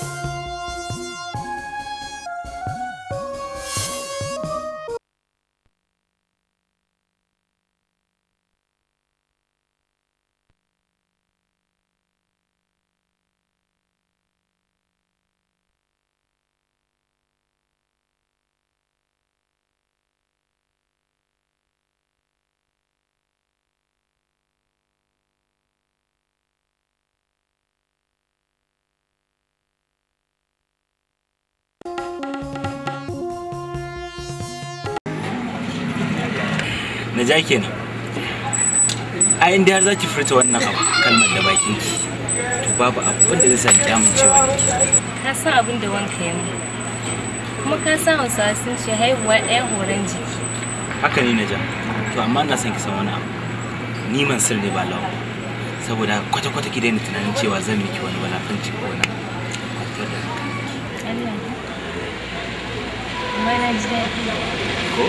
thank you da murja kenan a inda har za ki furta wannan kalmar da bakin ki to babu abin da zai sa ki cewa ne ka san abin da wanka ya kuma ka sa wasa sun ce haihuwa ɗaya horon jiki haka ne na ja to amma ina son ki san wani abu ni man sir ne ba lawa saboda kwata kwata ki daina tunanin cewa zan miki wani walakanci ko wani kwantar da Allah ji daɗi ko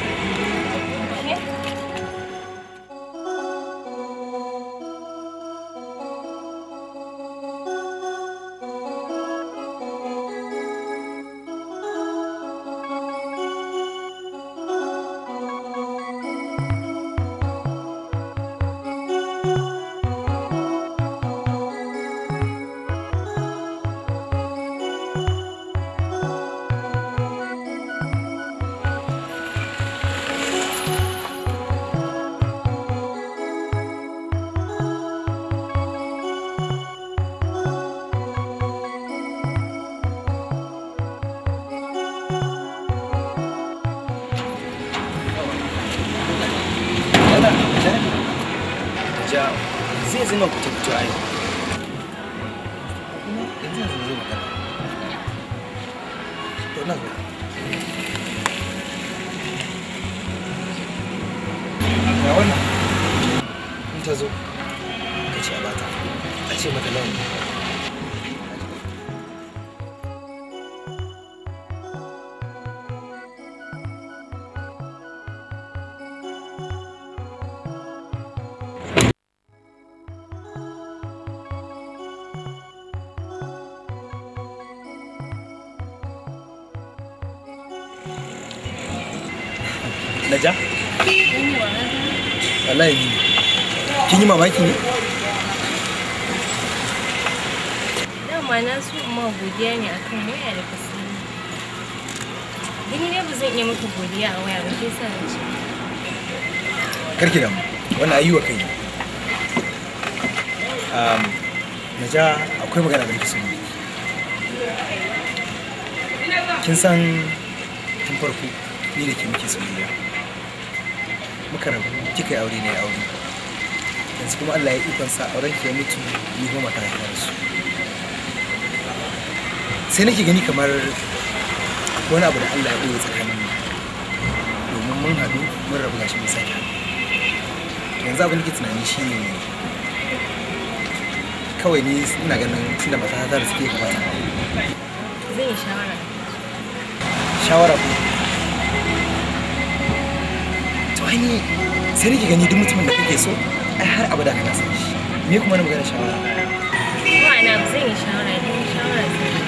ja wallahi kin yi mamaki ne dama na su ma godiya ne akan waya da fasili dan ne ba zan iya maka godiya a waya ba ke sa ni karki da mu wannan ayi wa kai na ja akwai magana da kike kin san tun farko ni da ke muke soyayya muka kika aure ne aure yanzu kuma Allah ya ikon sa auren ki ya mutu ni kuma ta haifa su sai nake gani kamar wani abu da Allah ya koyi tsakanin mu domin mun haɗu mun rabu gashi mun sake yanzu abin da ke tunani shine kawai ni ina ganin tunda mata ta suke kamata zai shawara shawara ko wani sai nake gani duk mutumin da kake so ai har abada kana san shi me kuma na magana shawara ba na zan yi shawara ne shawara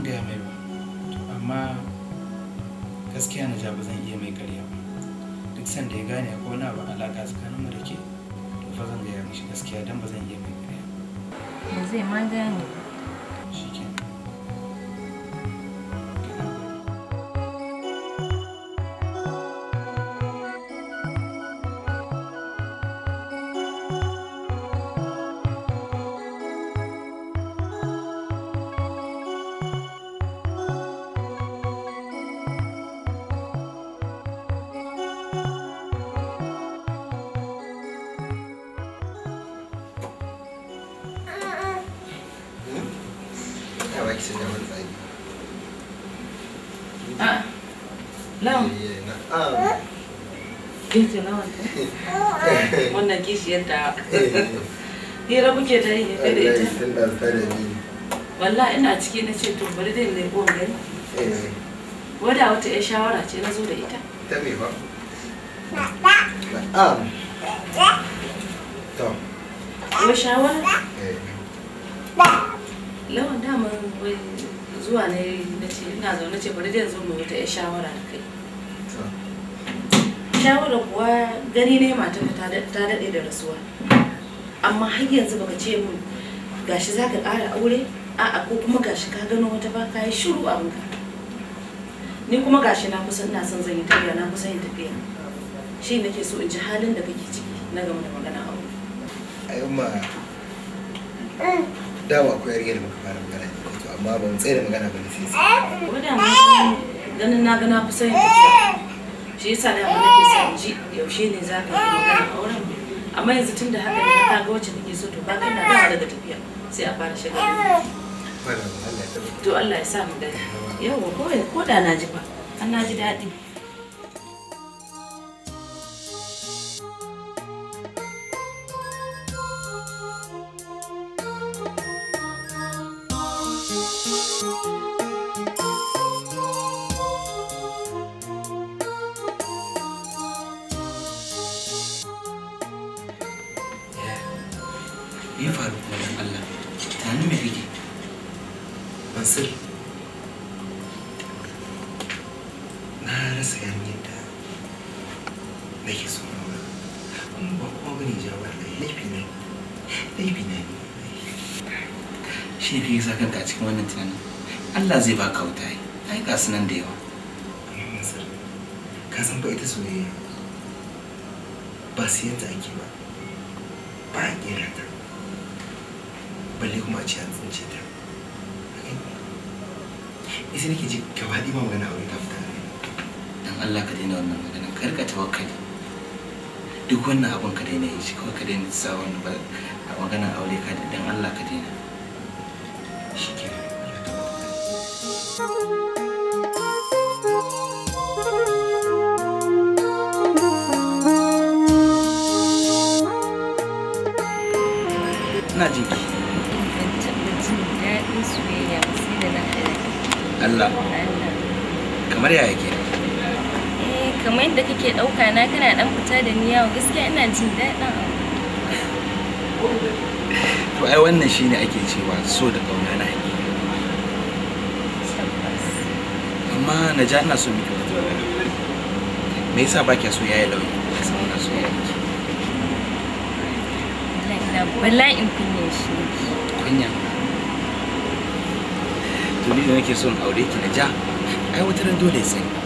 zan gaya mai ba amma gaskiya na ja zan iya mai karya ba duk sanda ya gane na ba alaka tsakanin tsakaninmu da ke to fa zan gaya mishi gaskiya don ba zan iya mai karya ba zai ma gane Na'am. Na'am. Binta na Wannan kishiyar Hira ta yi da ita. ina ciki na ce dai eh. wata shawara ce na zo da ita. Ah. Wai shawara? Eh. Lawan daman zuwa ne na ce ina zaune ce bari dai zo mu wata 'yan shawara. shawara kuwa gani ne matan ta daɗe da rasuwa amma har yanzu baka ce mun gashi zaka ƙara aure a'a ko kuma gashi ka gano wata ba ka yi shiru abin ka ni kuma gashi na kusan ina son zan yi tafiya na kusan yin tafiya shi nake so in ji halin da kake ciki na gama da magana aure ai umma dama ko yarge da muka fara magana amma ban tsaye da magana ba ne sai sai ko da ganin na ga na kusan yin tafiya shi yasa na mun nake son ji yaushe ne za ka yi magana auren amma yanzu tun da haka ne ka ga wacce nake so to ba kana dawa daga tafiya sai a fara shiga to Allah ya sa mu dai yawa ko da na ji fa an na ji daɗi kuma ce an tsince ta isa nake ji gaba ɗaya ma magana aure ta fita dan Allah ka daina wannan magana kar ka tawakkali duk wannan abun ka daina yin shi kawai ka daina sa wannan magana aure ka dan Allah ka daina shikenan Thank you. Allah kamar yaya ke eh, kamar yadda kake ɗauka na kana ɗan fita da ni yawo gaskiya ina jin daɗin to ai wannan shine ake cewa so da kauna na haƙi amma na ja ina so miki wata magana me yasa ba kya so yayi lauyi ka na ina so yayi ki wallahi in kunye shi kunya to da nake son aure ki na ja ai wata ran dole sai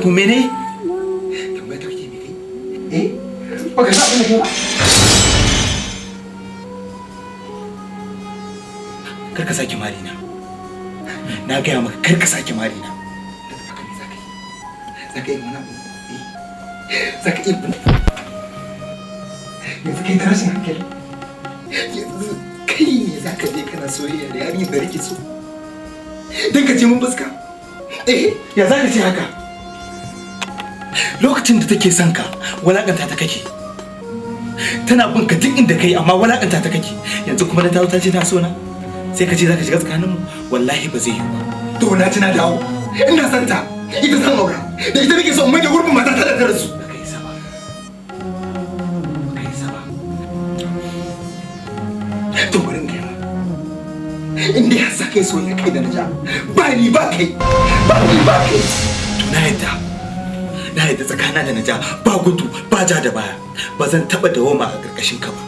ku mene? sa mari na. gaya maka kar sake mari ne zaka mana abu. Eh. Zaka yi Yanzu kai kai ne je kana soyayya da da rike so. ka ce mun fuska. Eh, ya zaka ce haka? lokacin da take son ka walakanta ta kake tana bin ka duk inda kai amma walakanta ta kake yanzu kuma da ta ce ta so na sai ka ce zaka shiga tsakaninmu wallahi ba zai yi ba to na tana dawo ina son ta ita san aura da ita nake so mai da gurbin mata ta da ta rasu to bari kai in dai har sa kai soyayya kai da na ja ba ni ba kai ba ni ba kai to na yadda da tsakana da naja ba gudu ba ja da baya ba zan taba dawoma a ƙarƙashin ka ba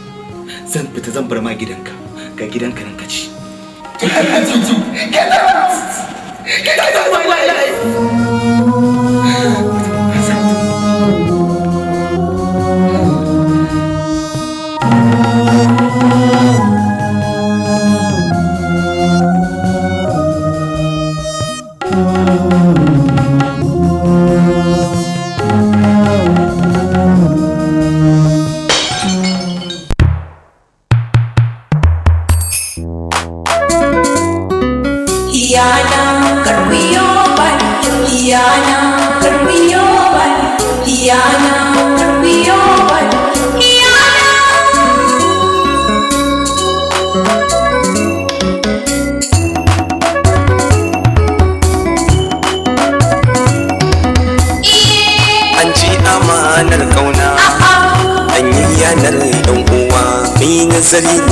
zan fita zan bar ma gidanka ga gidanka nan ka ci send you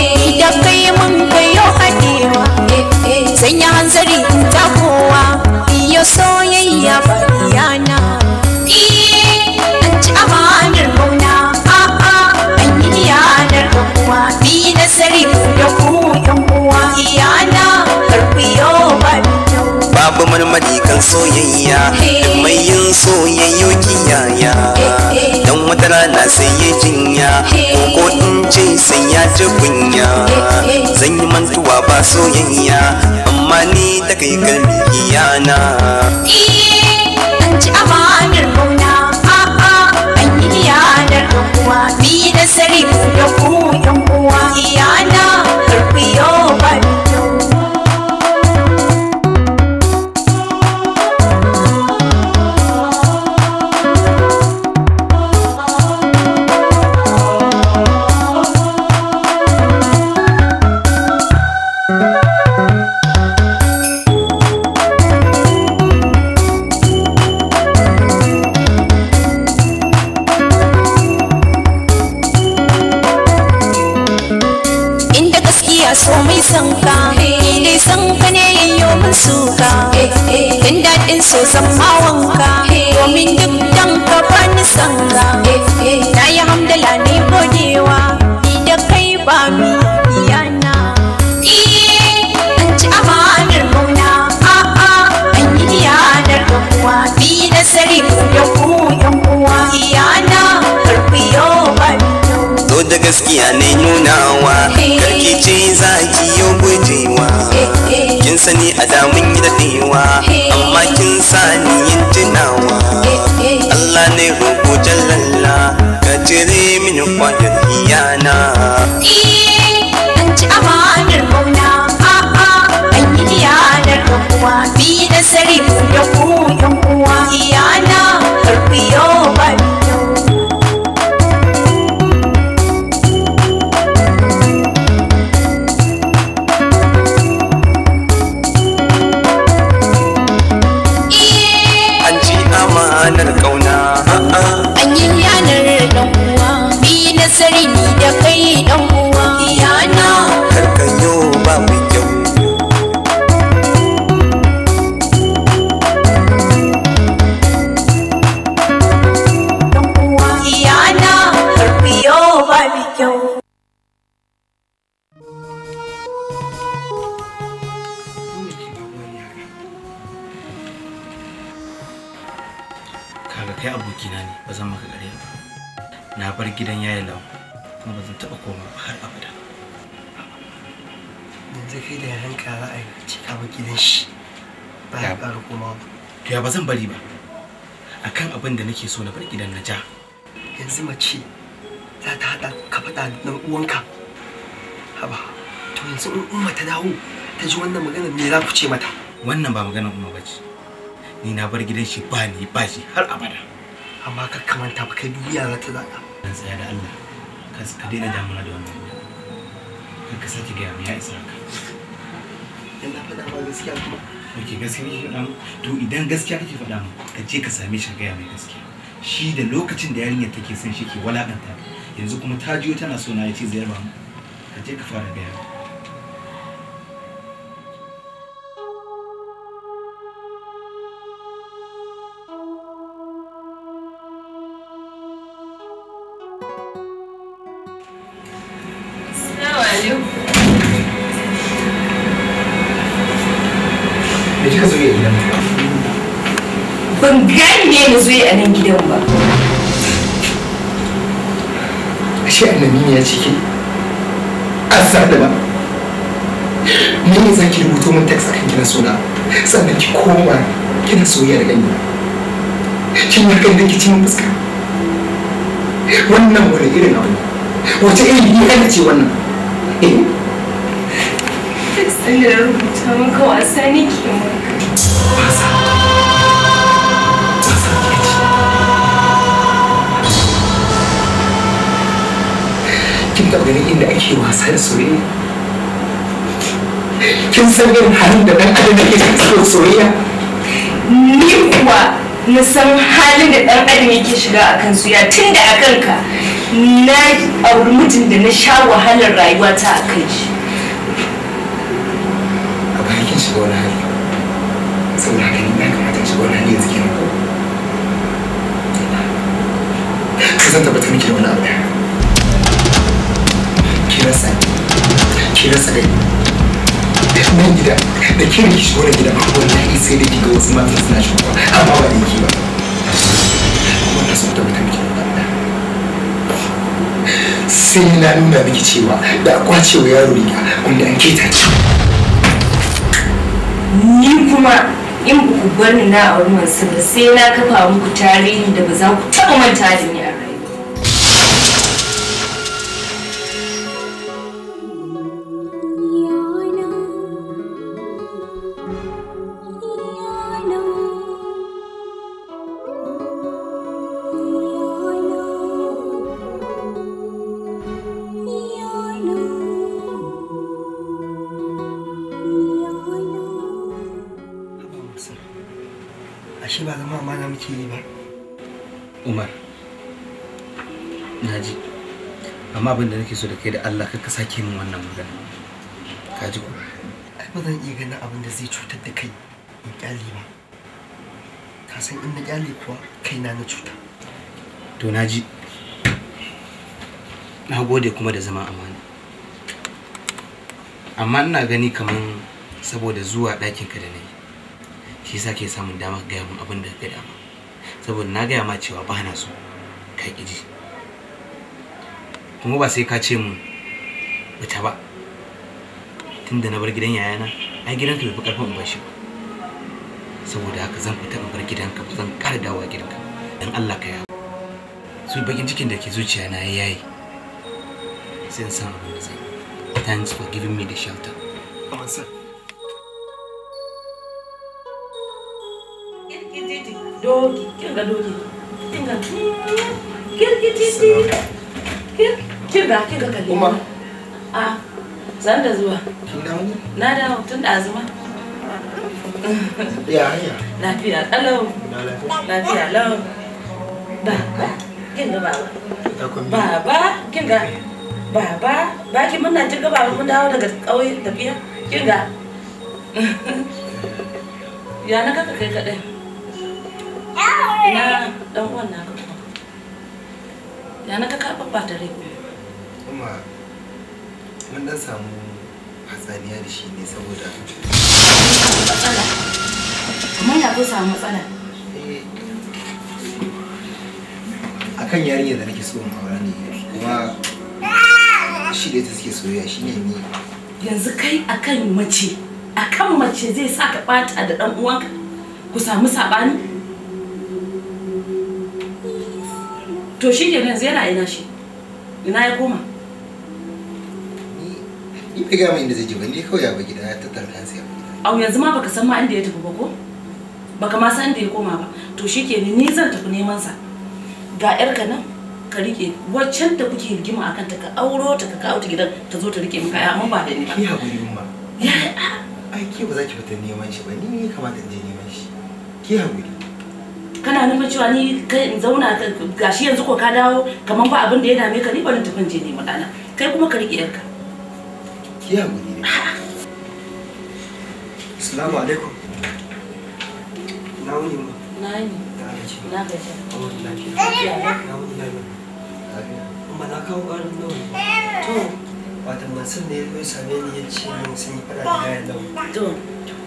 kai mun bayo haɗewa sanya hanzari in ta kowa iyo soyayya ba iyana eh, an ci amanar mauna a'a an yi iyanar uwa bi nazari da ku yan uwa iyana karfi yau ba babu marmari soyayya mai yin soyayyo kiyaya dan wata rana sai ya jinya ko in ce sai ya ji kunya zan yi mantuwa ba soyayya amma ni ta kai kalbi iyana eh, an a'a an yi da sari da ku yan uwa so some da gaskiya ne nunawa karki ce za ki yi gujewa kin sani a damun yi daɗewa amma kin sani yin tunawa Allah ne roƙo jallalla ka cire mini kwayar iyana an yi bi da da ku yan kaga kai abokina ne ba zan maka gare ba na bar gidan yayin lamu kuma ba zan taɓa koma ba har abada yanzu kai da yaranka za a yi cika ba gidan shi ba ya ƙara kuma to ya ba zan bari ba akan abin da nake so na bar gidan na ja yanzu mace za ta haɗa ka faɗa da uwanka haba to yanzu in umma ta dawo ta ji wannan magana me za ku ce mata wannan ba maganar umma ba ce ni na bar gidan shi ba ni ba shi har abada amma ka kamanta ba kai duniya za ta zaka dan tsaya da Allah ka ka daina damuna da wannan ka ka saki ga ya isa ka ina fada ba gaskiya kuma ok gaskiya ne faɗa to idan gaskiya kake fada mu ka je ka same shi ga mai gaskiya shi da lokacin da yarinyar take son shi ke walakanta yanzu kuma ta jiyo tana so na yace zai raba mu ka je ka fara gaya ban gane ne na zo a nan gidan ba ashe annabi ne ya cike da ba ni ne za ki rubuto min text akan gidan suna sannan ki koma kina soyayya da gani kin yi kan ki cin fuska wannan wani irin abu wace irin biyu ce wannan eh sai da rubuta maka wasa nake maka wasa kika gani inda ake wasa da soyayya kin san irin halin da dan adam yake cikin soyayya ni kuwa na san halin da dan adam yake shiga akan soyayya tun da akan ka na auri mutum da na sha wahalar rayuwa ta a kai shi a bayan kin shiga wani hali saboda haka ni na kamata shiga wani hali yanzu kenan ko ka san tabbatar miki rasa ki rasa gani nan gida da ki da ki shigo da gida wallahi sai da kiga wasu matan suna shigowa amma ba da ki ba wannan sun tabbatar miki sai na nuna miki cewa da kwacewa yaro riga wanda an keta ce ni kuma in ku bar ni na auri mansur sai na kafa muku tarihi da ba za ku taɓa manta da ni fili ba umar na ji amma abin da nake so da kai da allah ka sake min wannan magana ka ji ko ai ba zan iya ganin abin da zai cutar da kai in kyale ba ka san in na kyale kuwa kai na na cuta to na ji na gode kuma da zama amana amma ina gani kaman saboda zuwa ɗakinka da na yi shi sa ke samun dama gaya min abin da ka dama saboda na gaya ma cewa ba na so ka ƙiji kuma ba sai ka ce mu fita ba tunda na bar gidan yayana ai gidanka bai fi ƙarfin ba shi saboda haka zan fita in bar gidanka ba zan ƙara dawowa gidanka dan Allah ka yawo su bakin cikin da ke zuciya na yayi sai san abin da zai thanks for giving me the shelter Doggy. tinggal doji tinggal kir kir kir kir kir ga kir ga kalle kuma a zan da zuwa na dawo tun da azuma ya ya lafiya kalau lafiya hello, baba kin ga baba baba kin ga baba ba ki muna jin gaba mun dawo daga kauye tafiya kin ga ya na kaka kai kadai ina dan uwan ka kuma ya na ka kaɓa ba ta rai kuma mun dan samu hatsaniya da shi ne saboda matsala kamar ya ko samu matsala eh, akan yarinya da nake so in aura ne kuma shi da ta suke soyayya shine ni yanzu kai akan mace akan mace zai sa ka bata da dan uwanka ku samu sabani to shi ke yanzu yana ina shi ina ya koma ni bai gama inda zai ji ba ni kawai ya ba gida ya tattara kansa ya ba au yanzu ma baka san ma inda ya tafi ba ko baka ma san inda ya koma ba to shi ke ni zan tafi neman sa ga yarka nan ka rike waccan da kuke rigima akan ta ka auro ta ka kawo ta gidan ta zo ta rike maka ya amma ba da ni ba ki hakuri umma ai ke ba za ki fita neman shi ba ni ne kamata in je neman shi ki hakuri kana nufin cewa ni kai in zauna gashi yanzu ko ka dawo kamar ba abin da ya dame ka ni barin tafin je ne magana kai kuma ka riƙe yarka ki haƙuri ne assalamu alaikum na wuni ma na yi na gaji na gaji na wuni lafiya na kawo ƙarin nawa to wata mansur ne ya zo same ni ya ce min sun yi faɗa da yayan nawa to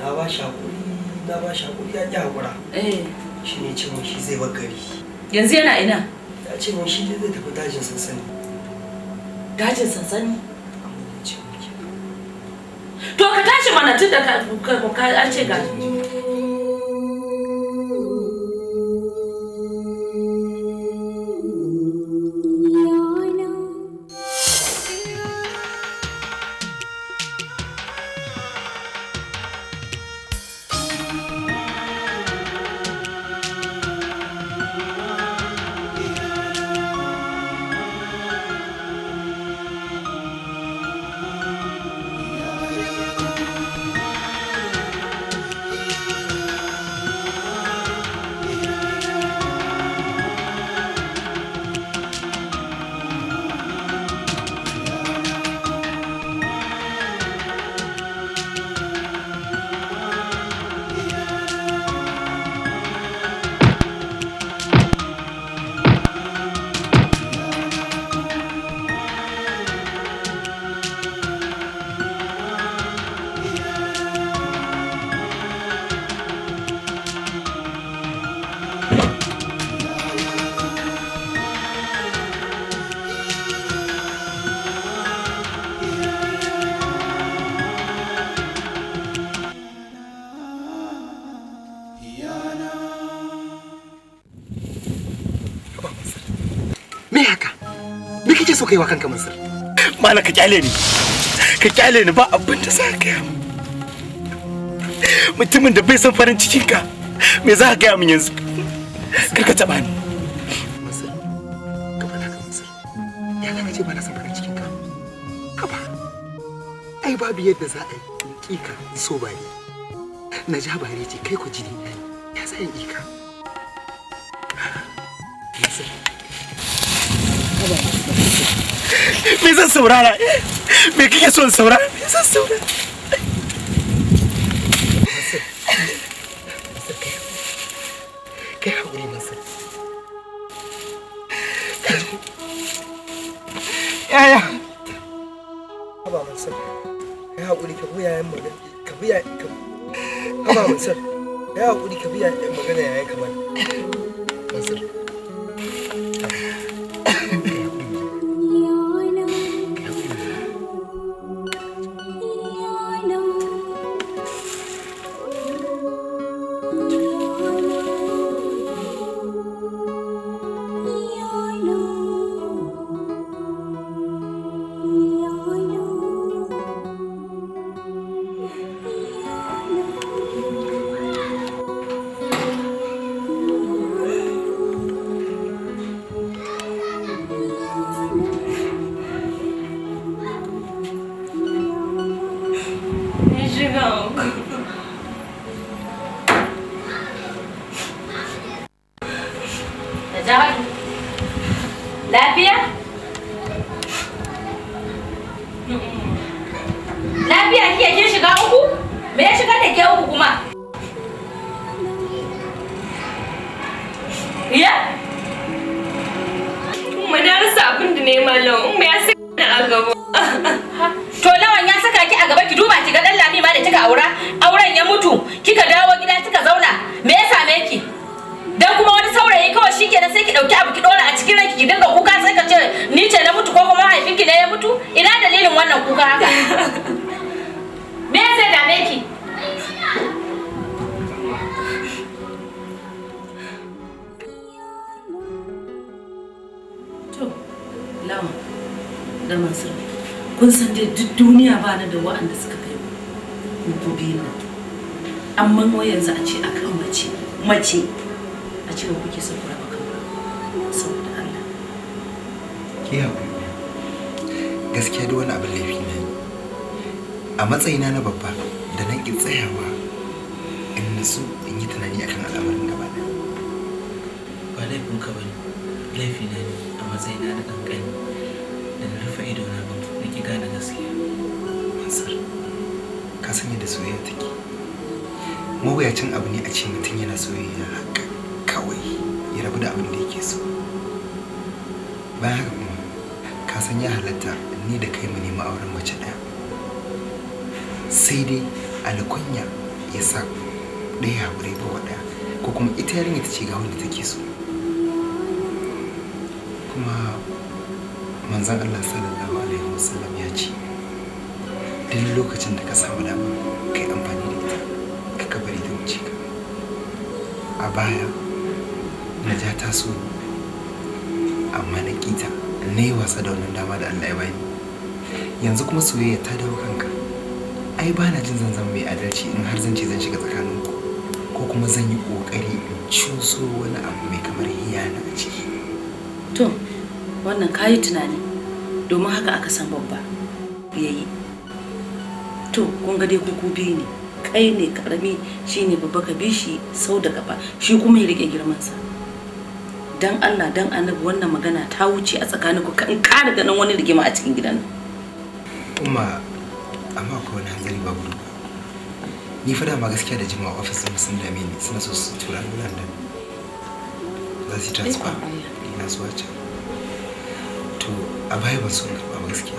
na ba shi haƙuri na ba shi haƙuri ya ƙi haƙura eh shi ne ce shi zai bar gari yanzu yana ina ya ce min shi dai zai tafi dajin sansani dajin sansani to ka tashi mana tun da ka an ce ga so kai wa kanka mansur Mala ka kyale ni ka kyale ni ba abin da za ka mutumin da bai san farin cikin ka me za ka gaya min yanzu kar ka taba ni mansur ka ya na ce ba na san farin ka babu yadda za a yi kika so na ja ce kai ku jini ya sa in me zan saurara me kike son saura me zan saurara kai yaya haba kai ka buya ka buya ka kai ka buya yayin kamar irin wannan kuka haka me zai dame ki to lama da mansur kun san dai duk duniya ba na da wa'anda suka kai gobe nan amma mu yanzu a ce akan mace mace a ce kuke son ku raba kanku saboda Allah ki hakuri gaskiya da wani abin laifi ne a matsayina na babba da na in tsayawa in nasu in yi tunani akan al'amarin gaba ɗaya ba laifin ka bane laifi ne a matsayina na kankani da na rufe ido na ba na ki gane gaskiya mansar ka san yadda soyayya take mawuyacin abu ne a ce mutum yana soyayya haka kawai ya rabu da abin da yake so bayan haka san ya halatta ni da kai mu nemi auren mace ɗaya sai dai alkunya ya sa ɗaya haƙuri ba wa ko kuma ita yarinya ta ce ga wanda take so kuma manzan Allah sallallahu alaihi wasallam ya ce duk lokacin da ka samu dama ka amfani da ita ka kabari da wuce ka a baya na ja taso amma na kita na yi wasa da wannan dama da Allah ya bani yanzu kuma soyayya ta dawo kanka ai ba na jin zan mai adalci in har zan ce zan shiga tsakanin ku ko kuma zan yi kokari in cuso wani abu mai kamar hiyana a ciki to wannan kayi tunani domin haka aka san babba yayi to kun ga dai ku biyu ne kai ne karami shine babba ka bi shi sau da gaba shi kuma ya rike girman sa dan Allah dan annabi wannan magana ta wuce a tsakanin ku kan ƙara ganin wani rigima a cikin gidan umma amma ko wani hanzari ba gudu ni fa da ma gaskiya da jima'a ofis din sun dame ni suna so su tura ni London za su transfer ina zuwa can to a baya ba so karɓa ba gaskiya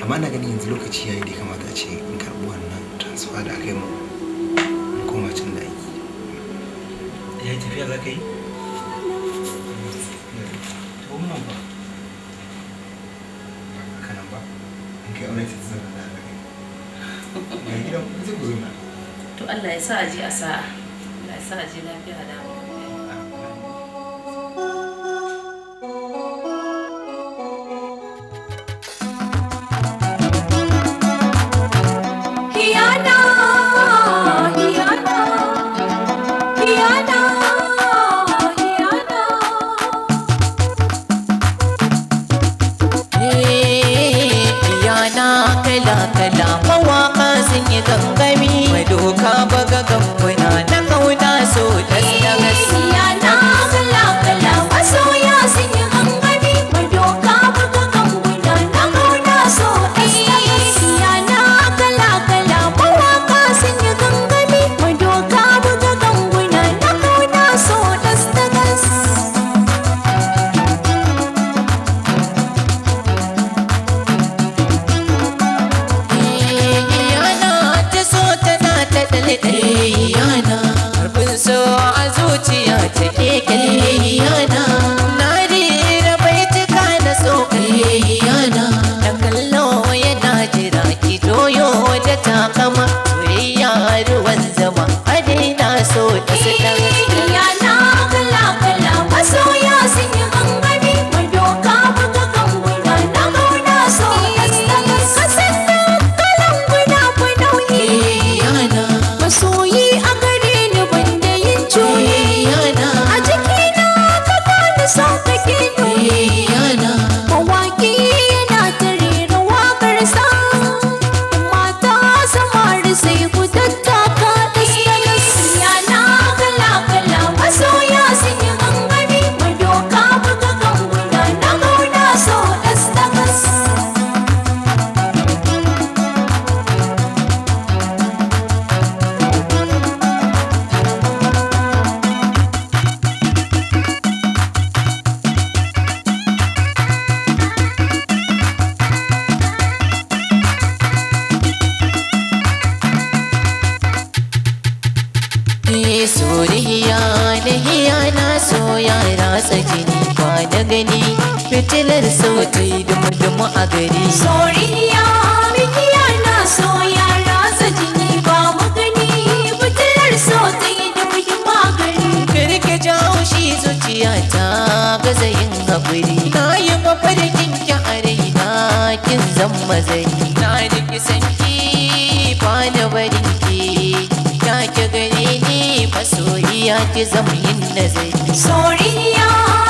amma na gani yanzu lokaci yayi da ya kamata a ce in karɓi wannan transfer da aka yi mu in koma can da aiki ya tafiya za ka yi gidan zai ku zauna to Allah ya sa a je a sa'a Allah ya sa a je lafiya da haƙuri na yi mafarkin ki a raina kin zan mazari na riki sanki ba na barin ki ya ki gare ni masoyiya ki zama yin nazari soriya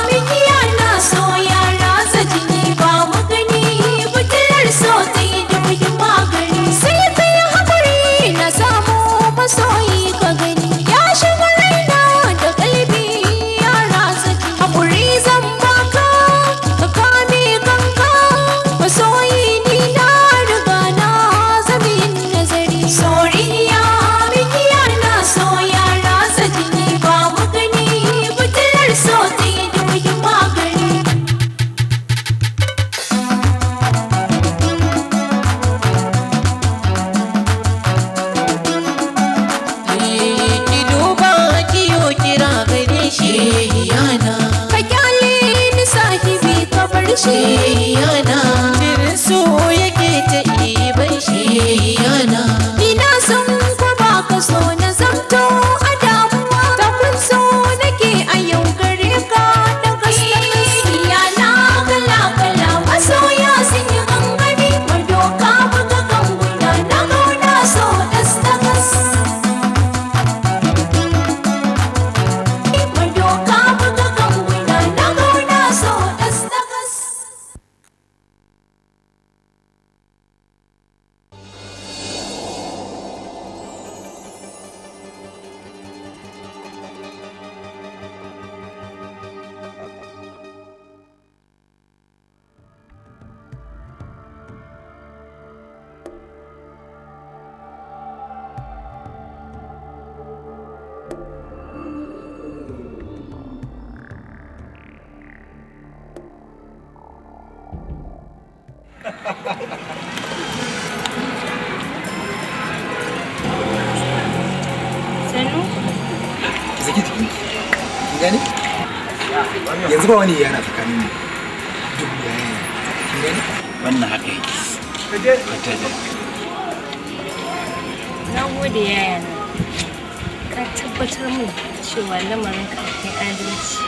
tabbatar mu cewa lamarin kafin adalci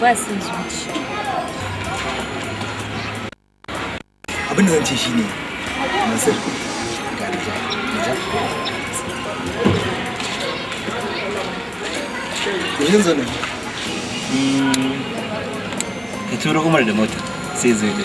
ba su zuci. Abin da zance shi ne, Nasir, ga Rija, Rija. Yanzu zo ne. Hmm, ka turo Umar da mota sai zai ke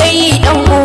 kai dan